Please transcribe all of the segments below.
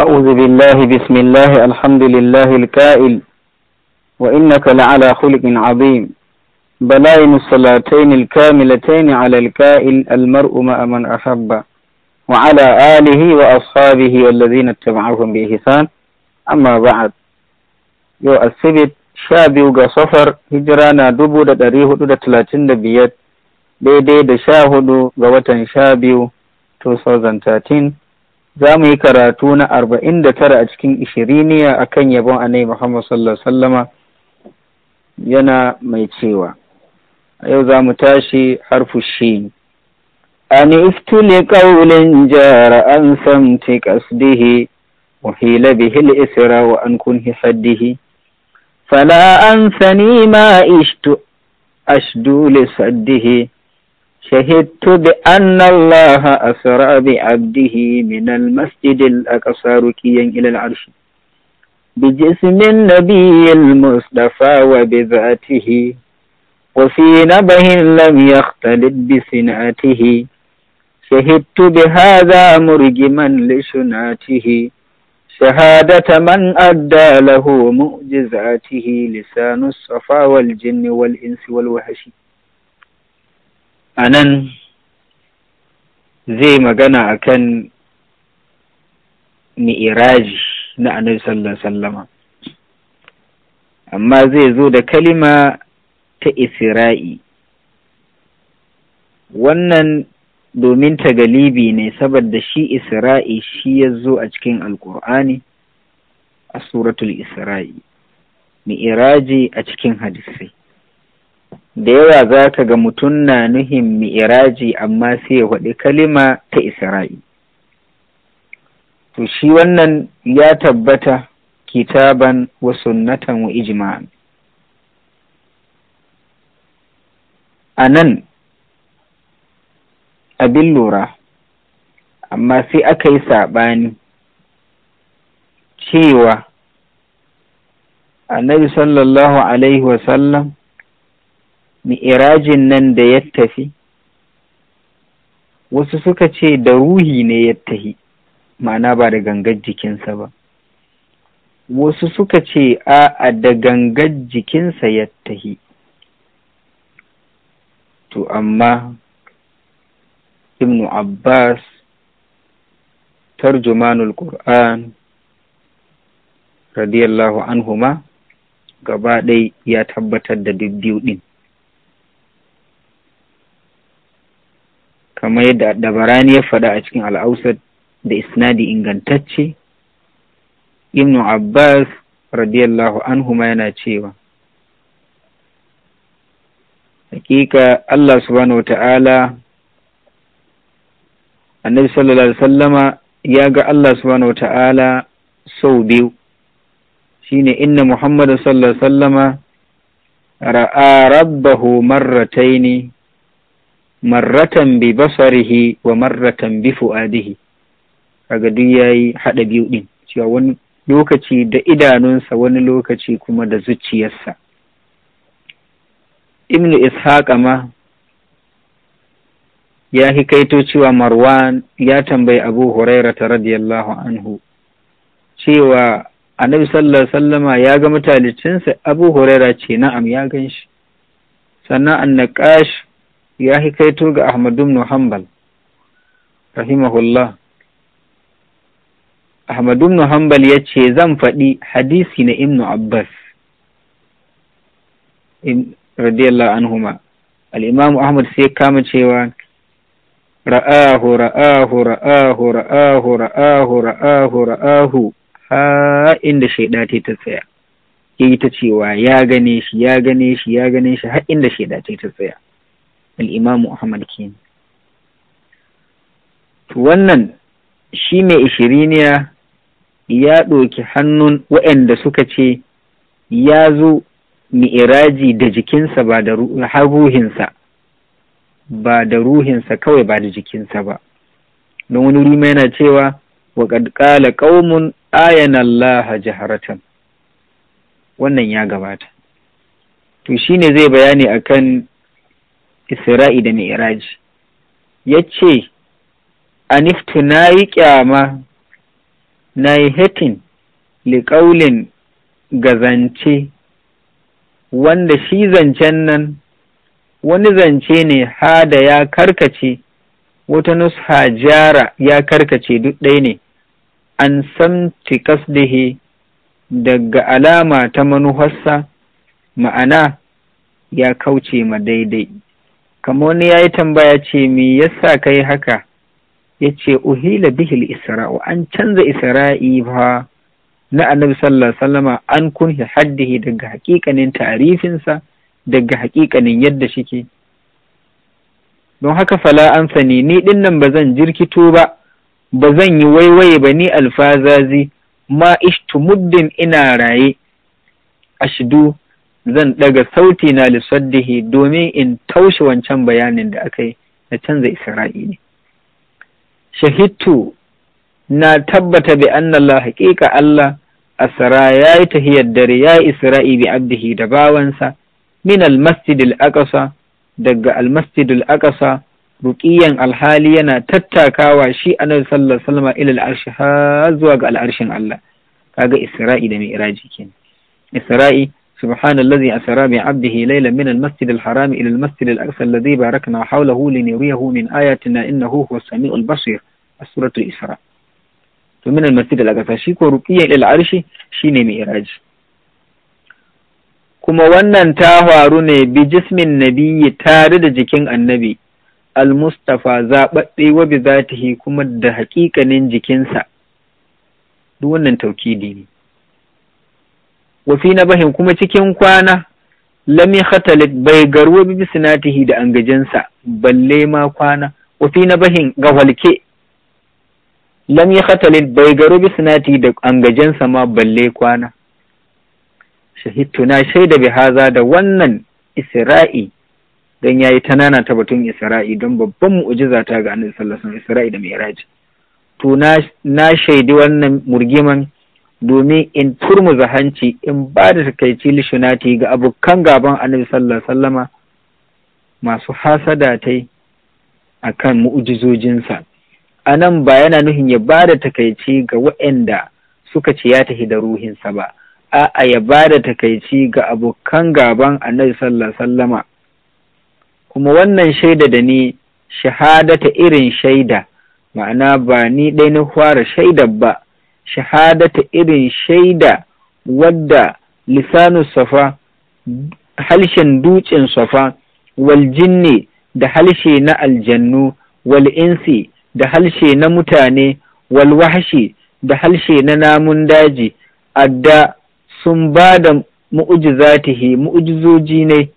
أعوذ بالله بسم الله الحمد لله الكائل وإنك لعلى خلق عظيم بلائن الصلاتين الكاملتين على الكائل المرء ما من أحب وعلى آله وأصحابه والذين اتبعهم بإحسان أما بعد يو السبت شابيو صفر هجرانا دبو دا تاريخ تلاتين دبيت بيدي دشاهدو da sha 2013 za mu yi karatu na arba'in da tara a cikin ishiriniya a kan yabon annabi Muhammad sallallahu Alaihi sallama yana mai cewa a yau za mu tashi har fushi. an iftuli qawlin jara an samti qasdihi wa an الإسرى وأن fala an sani ma ishtu ashdu أشدو saddihi. شهدت بأن الله أسرى بعبده من المسجد الأقصى ركيا إلى العرش بجسم النبي المصطفى وبذاته وفي نبه لم يختلط بصنعته شهدت بهذا مرجما لشناته شهادة من أدى له معجزاته لسان الصفا والجن والإنس والوحش a nan zai magana a kan mi'iraji na annabi sallallahu sallama amma zai zo da kalima ta isra'i wannan domin ta galibi ne saboda shi isra'i shi ya zo a cikin alkur'ani a suratul isra'i mi'iraji a cikin hadisai da yawa za ka ga mutum na nuhin mi'iraji amma sai ya faɗi kalima ta isra'i to shi wannan ya tabbata kitaban wa sunnatan wa ijma'an a nan abin lura amma sai aka yi saɓani cewa annabi sallallahu alaihi wasallam mi'irajin nan da ya tafi wasu suka ce da ruhi ne ya tahi ma'ana ba da gangar jikinsa ba wasu suka ce a'a da gangar jikinsa ya tahi to amma Ibn abbas tarjumanul qur'an radiyallahu anhuma gaba ɗaya ya tabbatar da duk biyu ɗin kamar yadda dabarani ya faɗa a cikin al'ausar da isnadi ingantacce ibnu abbas radiyallahu anhu ma yana cewa hakika allah subhanahu wa ta'ala annabi sallallahu alaihi sallama ya ga allah subhanahu wa ta'ala sau biyu shine inna muhammadu sallallahu alaihi sallama ra'a rabbahu marrataini marratan bi basarihi wa marratan bi fu'adihi kaga duk yayi haɗa biyu din, cewa wani lokaci da idanunsa wani lokaci kuma da zuciyarsa ibnu ishaqa ma ya hikaito cewa marwan ya tambayi abu hurairata radiyallahu anhu cewa annabi sallallahu sallama ya ga mutalicinsa abu huraira ce na'am ya gan shi sannan annakash ya hikaito ga Ahmadu ibn Hanbal rahimahullah Ahmadu ibn Hanbal ya ce zan faɗi hadisi na Ibn Abbas In radiyallahu anhuma al-Imam Ahmad sai kama cewa ra'ahu ra'ahu ra'ahu ra'ahu ra'ahu ra'ahu ra'ahu ha inda shaida ta ta tsaya yi ta cewa ya gane shi ya gane shi ya gane shi har inda shaida ta ta tsaya al'imamu Ahmad kenan. Wannan shi mai ishiriniya ya ɗoki hannun waɗanda suka ce ya zo mi'iraji da jikinsa ba da ruhinsa ba da ruhinsa kawai ba da jikinsa ba. Don wani rima yana cewa wa ƙala ƙaumun ayan Allah jaharatan wannan ya gabata. To shi ne zai bayani akan isra'i da mi'raj ya ce aniftu na yi kyama na yi hetin liƙaulin zance. wanda shi zancen nan wani zance ne hada ya karkace wata nusha jara ya karkace duk ɗaya ne an san kasdihi daga alama ta manuharsa ma'ana ya kauce ma daidai kamar wani ya yi tambaya ce me yasa ka yi haka ya ce uhila bihil isra'u an canza isra'i ba na annabi sallallahu sallama an kunhi haddihi daga hakikanin tarifinsa daga hakikanin yadda shike don haka fala an sani ni din nan ba zan jirkito ba ba zan yi waiwaye ba ni alfazazi ma ishtu muddin ina raye ashidu zan ɗaga sauti na lissaddihi domin in taushe wancan bayanin da aka yi na canza isra'ili ne shahittu na tabbata bi annallah haƙiƙa Allah tsara ya yi tahiyar dare ya yi isra'i bi abdihi da bawansa min almasjidil aqsa daga almasjidil aqsa ruqiyan alhali yana tattakawa shi annabi sallallahu alaihi wasallam ila al'arshi har zuwa ga al'arshin Allah kaga isra'i da mi'raji kenan isra'i سبحان الذي أسرى بعبده ليلا من المسجد الحرام إلى المسجد الأقصى الذي باركنا حوله لنريه من آياتنا إنه هو السميع البصير السورة الإسراء ومن المسجد الأقصى شيكو رقيا إلى العرش شيني مئراج kuma wannan ta faru ne bi jismin nabiyyi tare da jikin annabi al-mustafa zaɓaɓɓe wa bi zatihi kuma da haƙiƙanin jikinsa duk wannan taukidi ne wa fi bahin kuma cikin kwana lami yakhtalit bai garuwa bi sinatihi da angajinsa balle ma kwana wa fi bahin ga walke lami yakhtalit bai garu bi sinatihi da angajinsa ma balle kwana shahidtu na shaida bi haza da wannan isra'i dan yayi tanana ta batun isra'i don babban mu'jiza ta ga annabi sallallahu alaihi wasallam isra'i da mi'raj to na shaidi wannan murgiman domin in turmu hanci in ba da takaici lishunati ga abokan gaban annabi sallallahu sallama masu hasada tai a kan mu'ujizojinsa a nan ba yana nuhin ya ba da takaici ga wa'anda suka ce ya tafi da ruhinsa ba a'a ya ba da takaici ga abokan gaban annabi sallallahu sallama kuma wannan shaida da ni shahadata irin shaida ma'ana ba ni ɗai na fara shaidar ba shahadata irin shaida wadda lisanu safa halshen dutsen safa wal jinni da halshe na aljannu wal insi da halshe na mutane wal wahshi da halshe na namun daji adda sun ba da mu'ujizatihi mu'ujizoji ne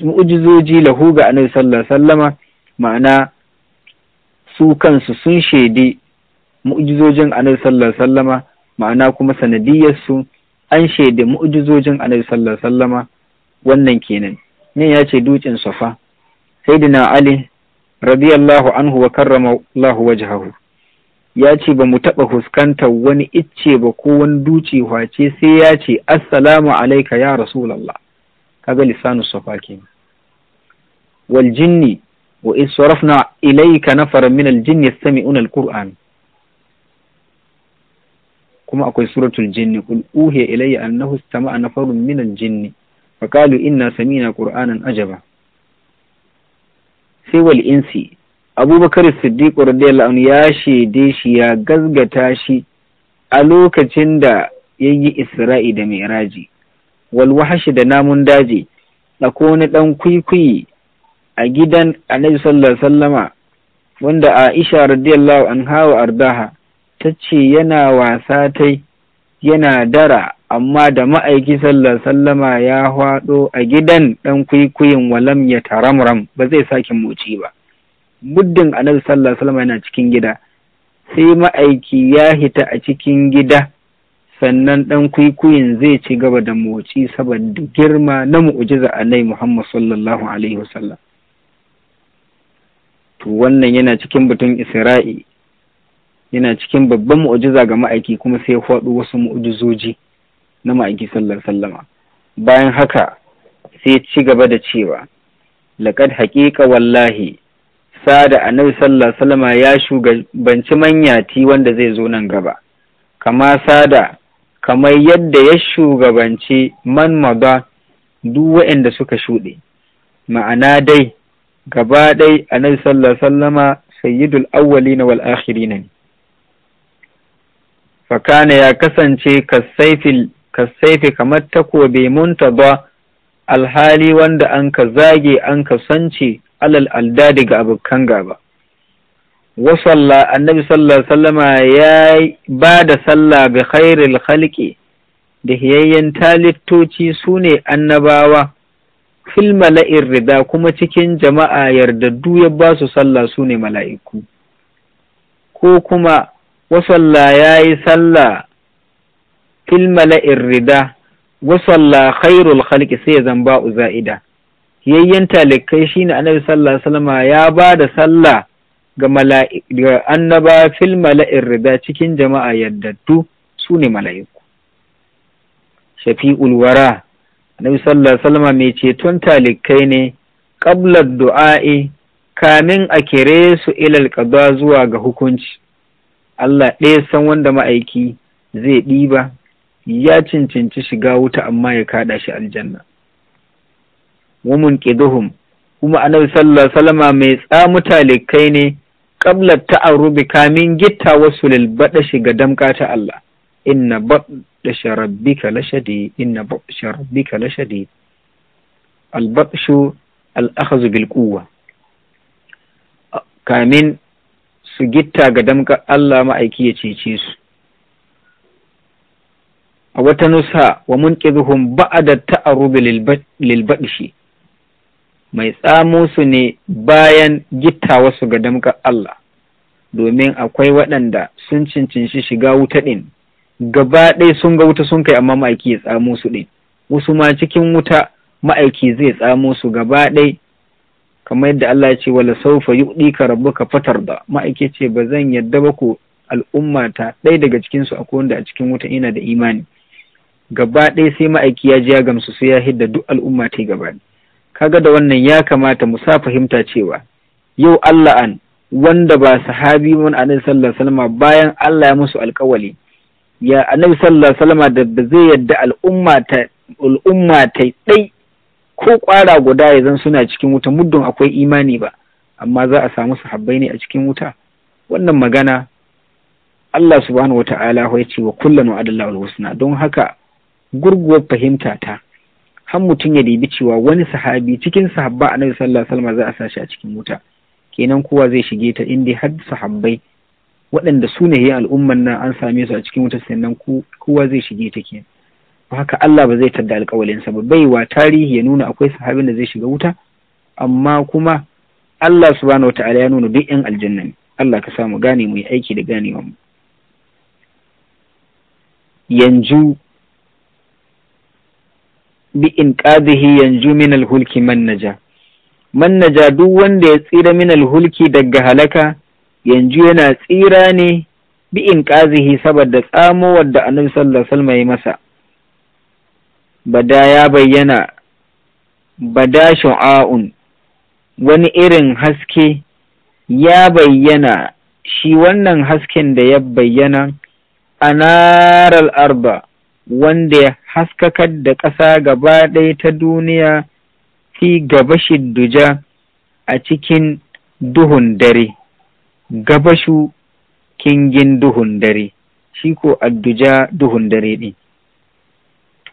mu'ujizoji lahu ga annabi sallallahu alaihi sallama ma'ana su kansu sun shaidi mu'jizojin annabi sallallahu alaihi wasallama ma'ana kuma sanadiyar su an shaida mu'jizojin annabi sallallahu alaihi wasallama wannan kenan ne ya ce dutsen safa sayyidina ali radiyallahu anhu wa karrama Allahu wajhahu ya ce ba mu taɓa fuskantar wani icce ba ko wani duce wace sai ya ce assalamu alaika ya rasulallah kaga lisanu safa kenan wal jinni wa in sarafna ilayka nafar min al jinni yastami'una al qur'an kuma akwai suratul jinni qul uhiya ilayya annahu istama'a nafarun minal jinni fa qalu inna sami'na qur'anan ajaba sai wal insi abubakar siddiq radiyallahu anhu ya shaide shi ya gazgata shi a lokacin da yayi isra'i da mi'raji wal wahshi da namun daji da ko ɗan dan a gidan annabi sallallahu alaihi wasallama wanda aisha radiyallahu anha wa ardaha ta ce yana wasa ta yana dara amma da ma'aiki sallar sallama ya hwaɗo a gidan ɗan kwaikwayon walam ya taramram ba zai sake moci ba muddin annabi sallar sallama yana cikin gida sai ma'aiki ya hita a cikin gida sannan ɗan kwaikwayon zai ci gaba da moci saboda girma na mu'ujiza nai muhammad sallallahu alaihi wasallam to wannan yana cikin batun isra'i yana cikin babban mu'ujiza ga ma'aiki kuma sai ya faɗo wasu mu'ujizoji na ma'aiki sallar sallama bayan haka sai ci gaba da cewa laƙad haƙiƙa wallahi sada annabi sallar sallama ya shugabanci manyati wanda zai zo nan gaba kama sada kamar yadda ya shugabanci man ba duk wa'inda suka shuɗe ma'ana dai gaba ɗai annabi sallar sallama sayyidul awwalina wal akhirina ne fakana ya kasance kasaifi kamar takobe ba alhali wanda an ka zage an ka sance alal alda daga abokan gaba wasalla annabi sallallahu sallama ya ba da sallah ga khairul khalqi da hiyayyen talittoci su ne annabawa fil mala'in rida kuma cikin jama'a yardaddu ya ba su sallah su ne mala'iku ko kuma wasalla ya yi sallah fil mala'in rida wasalla khairul khalqi sai zan ba uza'ida yayyan talikai ne annabi sallallahu alaihi wasallam ya ba da sallah ga annaba fil mala'in rida cikin jama'a yaddattu su ne mala'iku shafi'ul wara annabi sallallahu alaihi mai ceton talikai ne qabla du'a'i kamin a kire su ilal qada zuwa ga hukunci Allah ɗaya san wanda ma'aiki zai ɗiba ya cancanci shiga wuta amma ya kaɗa shi aljanna wa munqiduhum kuma annabi sallallahu alaihi salama mai tsamu talikai ne qabla ta'arrubi kamin gitta wasu lil shiga damka ta Allah inna batsha rabbika lashadi inna batsha rabbika lashadi al batshu bil kamin su gitta ga damkar Allah ma'aiki ya cece su a wata nusa wa munqidhum ba'a ta'arrub lil baɗishi mai tsamo su ne bayan gitta wasu ga damkar Allah domin akwai waɗanda sun cincinci shiga wuta ɗin gaba ɗaya sun ga wuta sun kai amma ma'aiki ya tsamo su ɗin wasu ma cikin wuta ma'aiki zai tsamo su gaba ɗaya kamar yadda Allah ya ce wala saufa ka fatar da. ma'aike ce ba zan yadda ba ku al'umma ta ɗaya daga cikinsu su akwai wanda a cikin wuta ina da imani gaba ɗaya sai ma'aiki ya ji ya gamsu sai ya hidda duk al'umma ta gaba kaga da wannan ya kamata mu sa fahimta cewa yau Allah an wanda ba sahabi mun annabi sallallahu alaihi bayan Allah ya musu alƙawali ya annabi sallallahu alaihi da zai yadda al'umma ta al'umma ta ɗai ko ƙwara guda ya zan suna cikin wuta muddin akwai imani ba amma za a samu sahabbai ne a cikin wuta wannan magana Allah subhanahu wata'ala ya ce wa kullum wa adallahu husna don haka gurguwar fahimta ta har mutum ya dibi cewa wani sahabi cikin sahabba annabi sallallahu alaihi wasallam za a sashi a cikin wuta kenan kowa zai shige ta inda har sahabbai waɗanda su ne al'umman nan an same su a cikin wuta sannan kowa zai shige ta kenan haka Allah ba zai tadda alƙawalinsa ba baiwa tarihi ya nuna akwai sahabin da zai shiga wuta amma kuma Allah subhanahu wata'ala ya nuna duk 'yan aljanna ne Allah ka samu gane mu yi aiki da wa mu yanzu bi in qadhihi yanzu min alhulki man naja man naja duk wanda ya tsira min alhulki daga halaka yanzu yana tsira ne bi in qadhihi saboda tsamo wanda annabi sallallahu alaihi wasallam ya masa bada ya bayyana bada shu'a'un wani irin haske ya bayyana shi wannan hasken da ya bayyana a naral arba wanda ya haskakar da ƙasa gaba ɗaya ta duniya fi gabashin duja a cikin duhun dare gabashu kingin duhun dare shi ko adduja duhun dare ɗin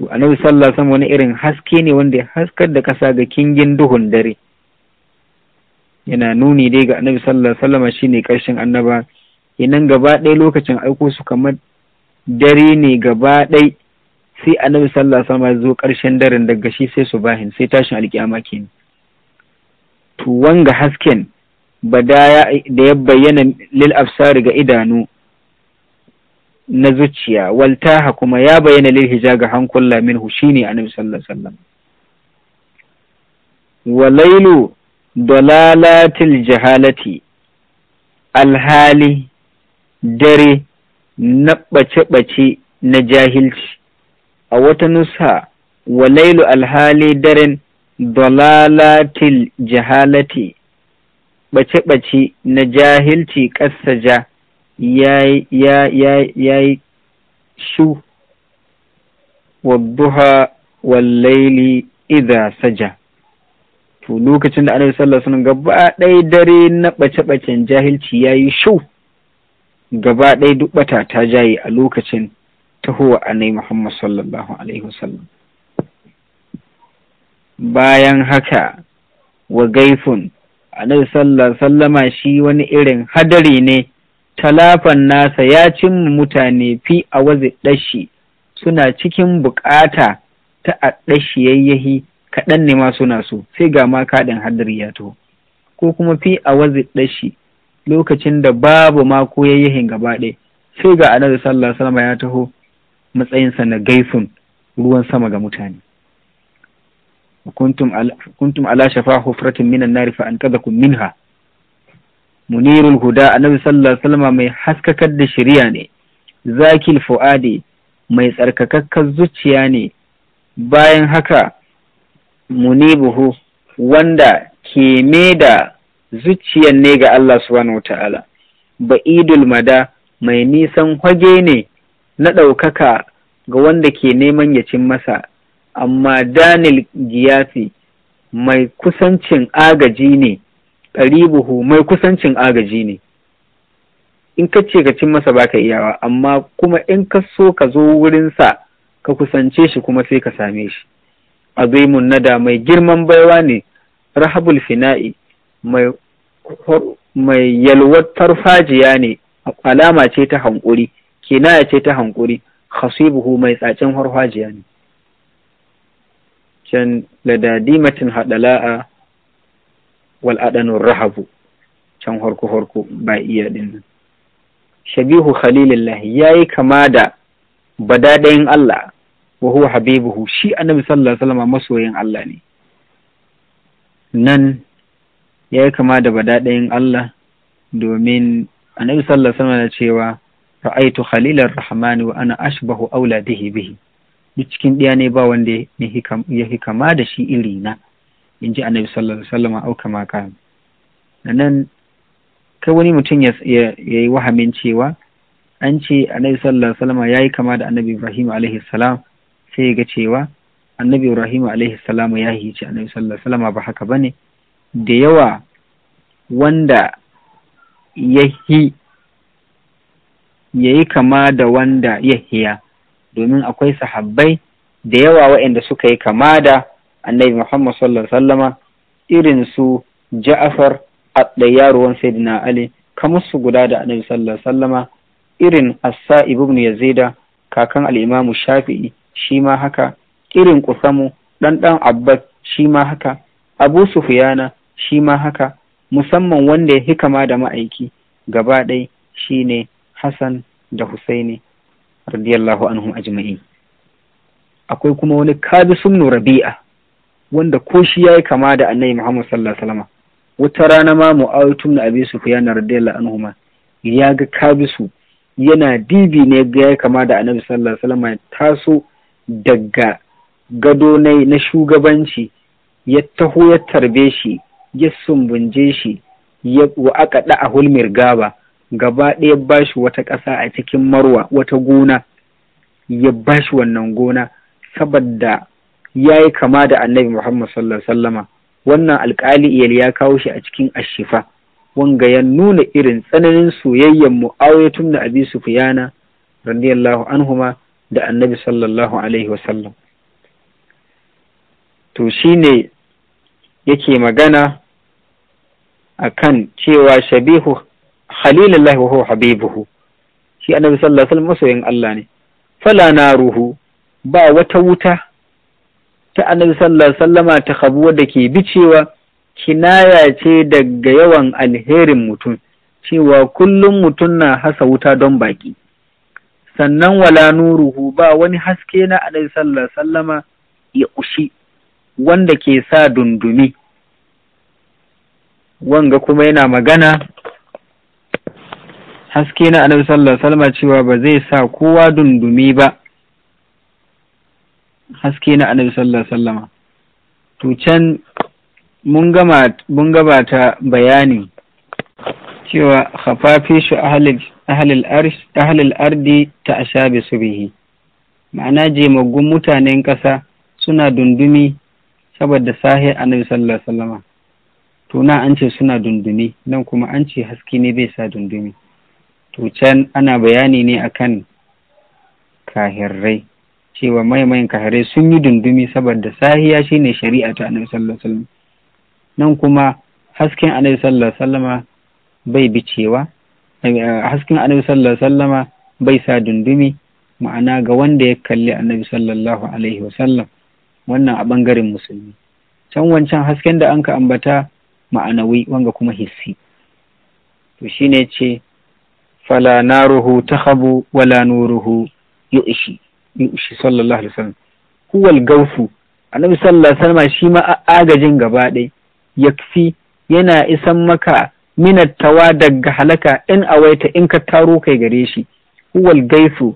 su annabi sallallahu alaihi wani irin haske ne wanda ya haskar da kasa ga kingin duhun dare yana nuni dai ga annabi sallallahu alaihi wasallam shine karshen annaba inan gaba ɗaya lokacin aiko su kamar dare ne gaba ɗaya sai annabi sallallahu alaihi wasallam zo karshen daren daga shi sai su bahin sai tashin alkiyama kenan to wanga hasken bada da ya bayyana lil ga idanu na zuciya waltaha kuma ya bayyana lil hijaga ga hankula minhu shine annabi sallallahu alaihi wasallam walailu dalalatil jahalati alhali dare na ɓace bace na jahilci a wata nusa walailu alhali daren dalalatil jahalati bace-bace na jahilci ƙasa ja ya yi shu wadduha wallaili idha saja to lokacin da annabi sallallahu alaihi wasallam gaba ɗaya dare na ɓace-ɓacen jahilci ya yi shu gaba ɗaya duk bata ta jaye a lokacin tahowa annabi muhammad sallallahu alaihi wasallam bayan haka wa gaifun annabi sallallahu alaihi wasallama shi wani irin hadari ne talafan nasa ya cin mutane fi a wazi ɗashi suna cikin buƙata ta a ɗashi yayyahi kaɗan ne ma suna so sai ga ma kaɗin hadari ya to ko kuma fi a wazi ɗashi lokacin da babu ma ko yayyahin gaba sai ga annabi sallallahu alaihi ya taho matsayinsa na gaisun ruwan sama ga mutane kuntum ala shafa hufratin minan nari fa an minha munirul huda annabi sallallahu alaihi wasallam mai haskakar da shari'a ne zakil fu'adi mai tsarkakakkar zuciya ne bayan haka munibuhu wanda ke da zuciyar ne ga Allah subhanahu wata'ala ba'idul mada mai nisan hage ne na ɗaukaka ga wanda ke neman ya cin masa amma danil giyafi mai kusancin agaji ne buhu mai kusancin agaji ne in ka ce ka cin masa baka iyawa amma kuma in ka so ka zo wurinsa ka kusance shi kuma sai ka same shi azimun nada mai girman baiwa ne rahabul fina'i mai mai yalwatar fajiya ne alama ce ta hankuri kinaya ce ta hankuri buhu mai tsacin harfajiya ne can haɗala hadala'a wal adanun rahabu can horko horko ba iya din shabihu ya yayi kama da badadayin Allah wa huwa habibuhu shi annabi sallallahu alaihi wasallam masoyin Allah ne nan ya yi kama da badadayin Allah domin annabi sallallahu alaihi wasallam cewa ra'aitu khalilar rahmani wa ana ashbahu auladihi bihi duk cikin ɗaya ne ba wanda ya kama da shi iri na in ji annabi sallallahu alaihi wasallam auka maka nan kai wani mutum ya yi wahamin cewa an ce annabi sallallahu alaihi wasallam yayi kama da annabi Ibrahim alaihi salam sai ga cewa annabi Ibrahim alaihi salam ya hice annabi sallallahu alaihi wasallam ba haka bane da yawa wanda ya yi yayi kama da wanda ya hiya domin akwai sahabbai da yawa waɗanda suka yi kama da annabi Muhammad sallallahu alaihi wasallama irin su Ja'far a dayyaruwan Sayyidina Ali kamar su guda da annabi sallallahu alaihi wasallama irin Assa ibn Yazida kakan al-Imam Shafi'i shi ma haka irin ƙusamu dan dan Abbas shi ma haka Abu Sufyana shi ma haka musamman wanda ya hikama da ma'aiki gaba ɗai shine Hassan da Husaini radiyallahu anhum ajma'in akwai kuma wani kabi sumnu rabi'a wanda ko shi ya yi kama da annabi Muhammad sallallahu alaihi wasallam wata rana ma Mu'awiyah ibn Abi Sufyan radiyallahu anhu ya ga kabisu yana dibi ne ga yayi kama da annabi sallallahu alaihi wasallam taso daga gado na shugabanci ya taho ya tarbe shi ya sumbunje shi ya wa aka da a hulmir gaba gaba ɗaya ba shi wata ƙasa a cikin marwa wata gona ya ba shi wannan gona saboda ya yi kama da annabi Muhammad sallallahu sallama wannan alƙali iyal ya kawo shi a cikin ashifa wanga ya nuna irin tsananin soyayyen mu'awiyatun na abi sufiyana radiyallahu anhuma da annabi sallallahu alaihi wasallam to shine yake magana akan cewa shabihu khalilullahi wa huwa habibuhu shi annabi sallallahu alaihi wasallam masoyin Allah ne fala naruhu ba wata wuta ta annabi sallallahu sallama ta habu da ke bicewa kinaya ce daga yawan alherin mutum cewa kullum mutum na hasa wuta don baki sannan wala nuruhu ba wani haske na annabi sallallahu sallama ya ushi wanda ke sa dundumi wanga kuma yana magana haske na annabi sallallahu alaihi cewa ba zai sa kowa dundumi ba haske na annabi sallallahu sallama to can mun gabata bayani cewa hafafi shi ahalil ardi ta ashabi su bihi ma'ana jemaggun mutanen ƙasa suna dundumi saboda sahi annabi sallallahu alaihi to na an ce suna dundumi nan kuma an ce haske ne bai sa dundumi to can ana bayani ne akan kahirrai cewa maimayin kahare sun yi dundumi saboda sahiya shine shari'a ta annabi sallallahu alaihi wasallam nan kuma hasken annabi sallallahu alaihi wasallama bai bicewa eh, hasken annabi sallallahu alaihi wasallama bai sa dundumi ma'ana ga wanda ya kalli annabi sallallahu alaihi wasallam wannan a bangaren musulmi can wancan hasken da anka ambata ma'anawi wanga kuma hissi to shine ce fala naruhu tahabu wala nuruhu yu'shi shi sallallahu alaihi wasallam huwal gausu annabi sallallahu alaihi wasallam shi ma agajin gaba ɗaya yakfi yana isan maka minattawa daga halaka in awaita in ka taro kai gare shi huwal gaisu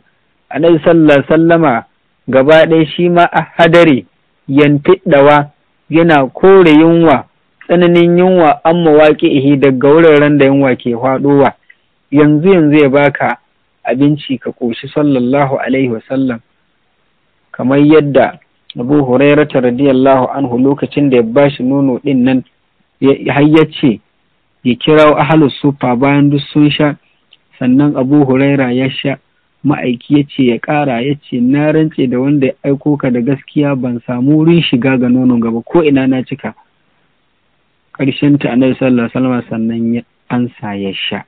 annabi sallallahu alaihi wasallam gaba shi ma a hadare yana kore yunwa tsananin yunwa an mawaƙi ihi daga wuraren da yunwa ke faɗowa yanzu yanzu ya baka abinci ka ƙoshi sallallahu alaihi wasallam kamar yadda abu hurairata radiyallahu anhu lokacin da ya bashi nono ɗin nan ya ce ya kirawo ahalus sufa bayan duk sun sha sannan abu huraira ya sha ma'aiki ya ce ya ƙara ya ce na rantse da wanda ya aiko ka da gaskiya ban samu wurin shiga ga nono gaba ko ina na cika ƙarshen ta sallallahu alaihi wasallam sannan ya ansa ya sha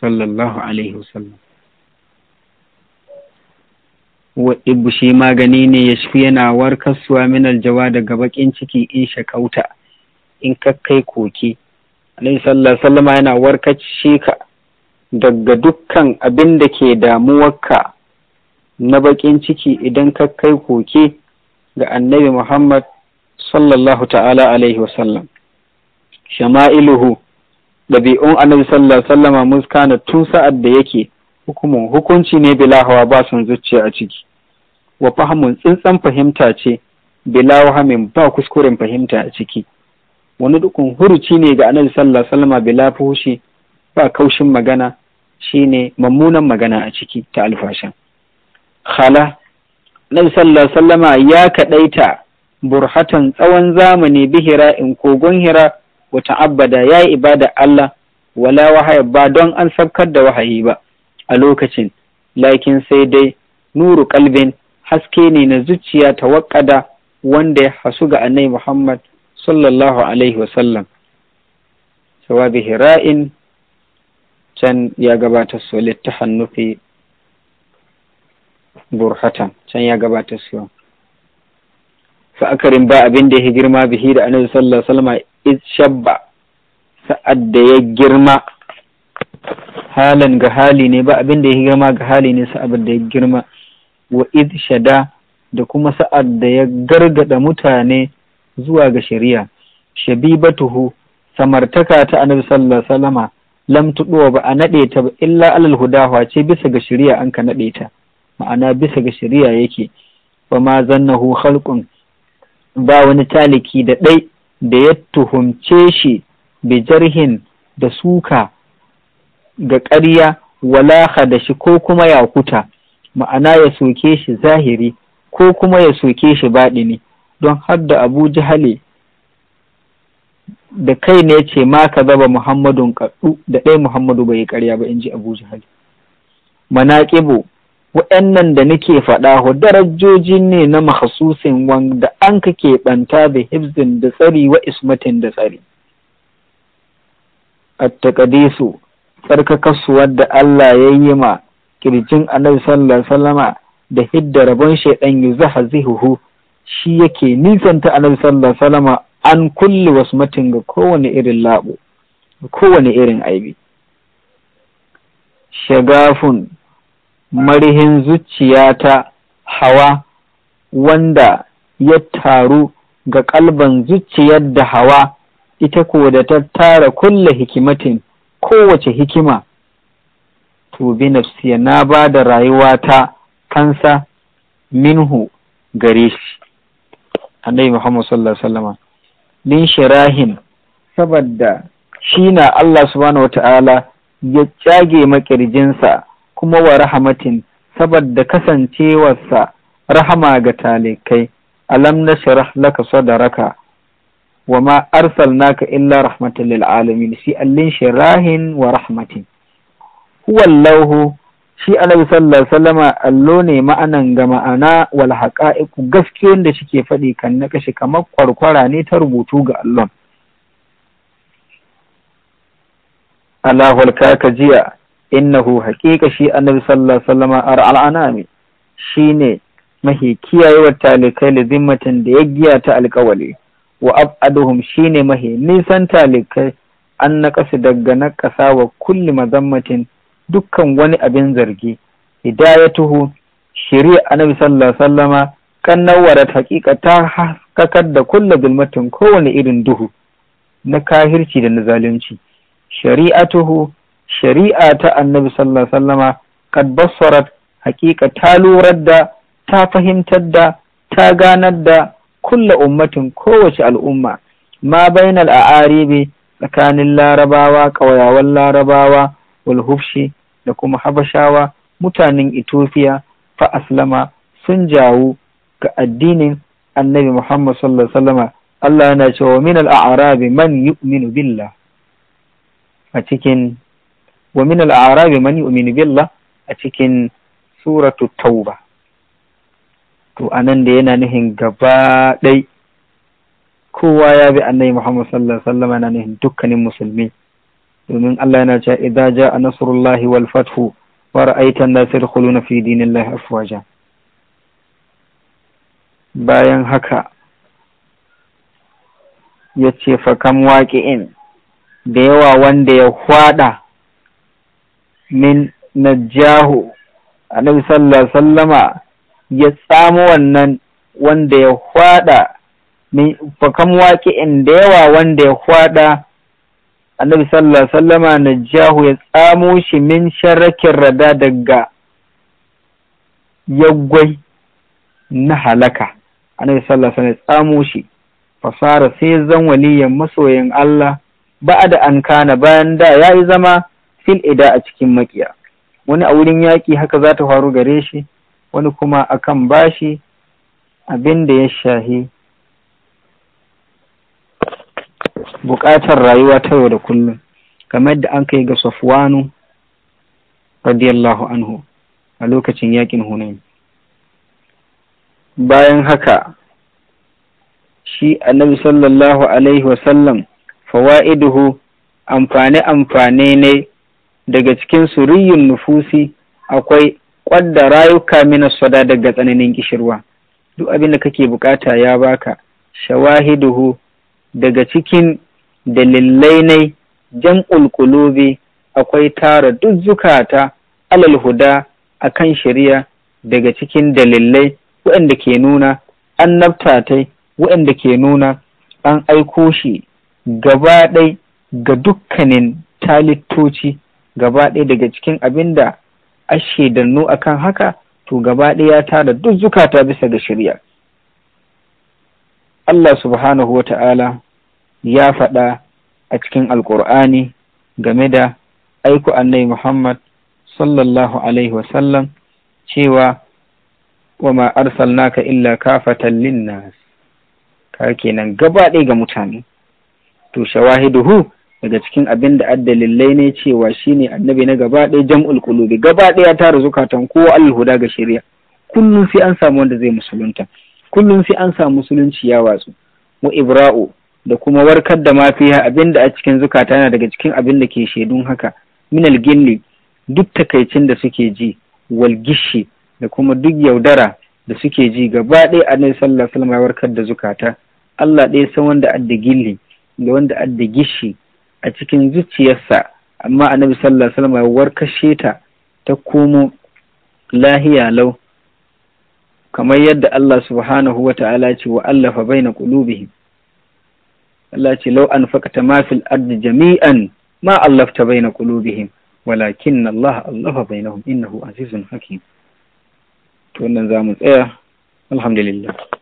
sallallahu alaihi wasallam ibu shi magani ne ya shi yana warkaswa min aljawa daga bakin ciki in shakauta in kakkai koke alaihi sallallahu sallama yana warkace ka daga dukkan abin da ke damuwarka na bakin ciki idan kakkai koke ga annabi muhammad sallallahu ta'ala alaihi wasallam shama'iluhu ɗabi'un annabi sallallahu sallama muskana tun sa'ad da yake hukumun hukunci ne bila hawa ba son zuciya a ciki wa fahimun tsintsan fahimta ce bila wahamin ba kuskuren fahimta a ciki wani dukun huruci ne ga annabi sallallahu alaihi bila fushi ba kaushin magana shine mummunan magana a ciki ta alfashan khala annabi sallallahu alaihi wasallama ya kadaita burhatan tsawon zamani bihira in kogon hira wata abada ya yi ibada Allah wala wahaya ba don an sabkar da wahayi ba a lokacin lakin sai dai nuru kalbin haske ne na zuciya ta waƙada wanda ya hasu ga annai Muhammad sallallahu alaihi wasallam sawabi hira'in can ya gabata su littafan nufi burhatan can ya gabata su fa'akarin ba abin da ya girma bihi da annabi sallallahu alaihi wasallam iz shabba sa'ad da ya girma halan ga hali ne ba abin da ya girma ga hali ne sa'ad da ya girma wa id shada da kuma sa'ad da ya gargada mutane zuwa ga shari'a shabibatuhu samartaka ta annabi sallallahu alaihi wasallama lam tuduwa ba a nade ta ba illa alal ce bisa ga shari'a an ka nade ta ma'ana bisa ga shari'a yake ba ma zannahu khalqun ba wani taliki da ɗai da ya tuhumce shi bi jarhin da suka ga ƙarya wala da shi ko kuma yakuta ma'ana ya soke shi zahiri ko kuma ya soke shi baɗi ne, don hadda abu jihali da kai ne ce ma ka zaba muhammadun kaɗu da ɗaya muhammadu bai yi ƙarya ba in ji abu jihali manaƙibu waɗannan da nake faɗa hu darajoji ne na mahasusin wanda an ka keɓanta da hibzin da tsari wa ismatin da tsari a taqdisu tsarkakasuwar da Allah ya yi ma kirjin annabi sallallahu alaihi wasallama da hidda rabon shaidan yuzahzihuhu shi yake nisanta annabi sallallahu alaihi wasallama an kulli wasmatin ga kowane irin labo kowane irin aibi shagafun marihin zuciyata hawa wanda ya taru ga kalban zuciyar da hawa ita ko da ta tara kulle hikimatin kowace hikima tu bi nafsiya na ba da rayuwata kansa minhu gare shi annabi Muhammad sallallahu alaihi wasallama min shirahin saboda shi na Allah subhanahu wata'ala ya cage makirjinsa kuma wa rahamatin saboda kasancewarsa rahama ga talikai alam na shirah laka sadaraka wa ma arsalnaka illa rahmatan lil alamin shi allin shirahin wa rahmatin wallahu shi annabi sallallahu alaihi wasallama allo ne ma'anan ga ma'ana wal haqa'iqu gaskiyon da shike fadi kan na kashi kamar kwarkwara ne ta rubutu ga allon Allahu kaka jiya innahu haƙiƙa shi annabi sallallahu alaihi wasallama ar'al shine mahi kiyayewar talikai da zimmatin da ya giya ta alkawali wa ab'aduhum shine mahi nisan talikai an naƙasu daga naƙasa wa kulli mazammatin dukkan wani abin zargi hidayatuhu shari'a annabi sallallahu alaihi wasallama kannawar haqiqa haƙiƙa ta haskakar da kulla zulmatin kowane irin duhu na kahirci da na zalunci shari'atuhu shari'a ta annabi sallallahu alaihi wasallama kad bassarat haƙiƙa ta lurar da ta fahimtar da ta ganar da kulla ummatin kowace al'umma ma bainal a'aribi tsakanin larabawa ƙauyawan larabawa wal da kuma habashawa mutanen Ethiopia fa aslama sun jawo ga addinin annabi Muhammad sallallahu alaihi Allah yana cewa min al-a'rabi man yu'minu billah a cikin wa min al-a'rabi man yu'minu billah a cikin suratu tauba to anan da yana nihin gaba dai kowa ya bi annabi Muhammad sallallahu alaihi wasallama na nihin dukkanin musulmi domin Allah yana cewa idza jaa nasrullahi wal fathu wa ra'aita an-nasa yadkhuluna fi dinillahi afwaja bayan haka ya ce fakam waƙi'in da yawa wanda ya hwada min najahu annabi sallallahu sallama ya tsamo wannan wanda ya hwada fakam waƙi'in da yawa wanda ya hwada annabi sallallahu alaihi na najjahu ya tsamo shi min sharakin rada daga yaggwai na halaka annabi sallallahu alaihi wasallam ya tsamo shi fasara sai zan waliyan masoyin Allah ba da an kana bayan da ya yi zama fil ida a cikin makiya wani a wurin yaƙi haka za ta faru gare shi wani kuma akan bashi abin da ya shahi buƙatar rayuwa ta yau da kullum kamar da an kai ga safwanu radiyallahu anhu a lokacin yakin hunayn bayan haka shi annabi sallallahu alaihi wasallam fawa'iduhu amfane-amfane ne daga cikin suriyin nufusi akwai ƙwadda rayuka mina sada daga tsananin kishirwa duk abin da kake bukata ya baka shawahiduhu daga cikin dalilai nai jan ƙulƙulubi akwai tara duk zukata alal huda a kan shari'a daga cikin dalilai waɗanda ke nuna an naftatai waɗanda ke nuna an aiko shi gaba ɗai ga dukkanin talittoci gaba ɗaya daga cikin abin da ashe dannu kan haka to gaba ɗaya ya tara duk zukata bisa ga shari'a Allah subhanahu wa ta'ala ya faɗa a cikin alƙur'ani game da aiko annai Muhammad sallallahu Alaihi wasallam cewa wa ma arsalnaka illa kafatan linnas ka kenan gaba ɗaya ga mutane to shawahiduhu daga cikin abin da addalilai ne cewa shine annabi na gaba ɗaya jam'ul qulubi gaba ɗaya tara zukatan kowa alhuda ga shari'a kullum sai an samu wanda zai musulunta kullum sai an samu musulunci ya watsu mu ibra'u da kuma warkar da mafiya abin da a cikin zukata yana daga cikin abin da ke shaidun haka minal gilli duk takaicin da suke ji wal gishi da kuma duk yaudara da suke ji gaba ɗaya annabi sallallahu alaihi ya warkar da zukata Allah ɗaya san wanda adda gilli da wanda adda gishi a cikin zuciyarsa amma annabi sallallahu alaihi ya warkashe ta ta komo lahiya lau kamar yadda Allah subhanahu wa ta'ala ce wa allafa na ƙulubihim Allah ce lau an faƙata ma fil ardi jami'an ma allafta baina qulubihim walakin Allah allafa bainahum innahu azizun hakim to wannan zamu tsaya alhamdulillah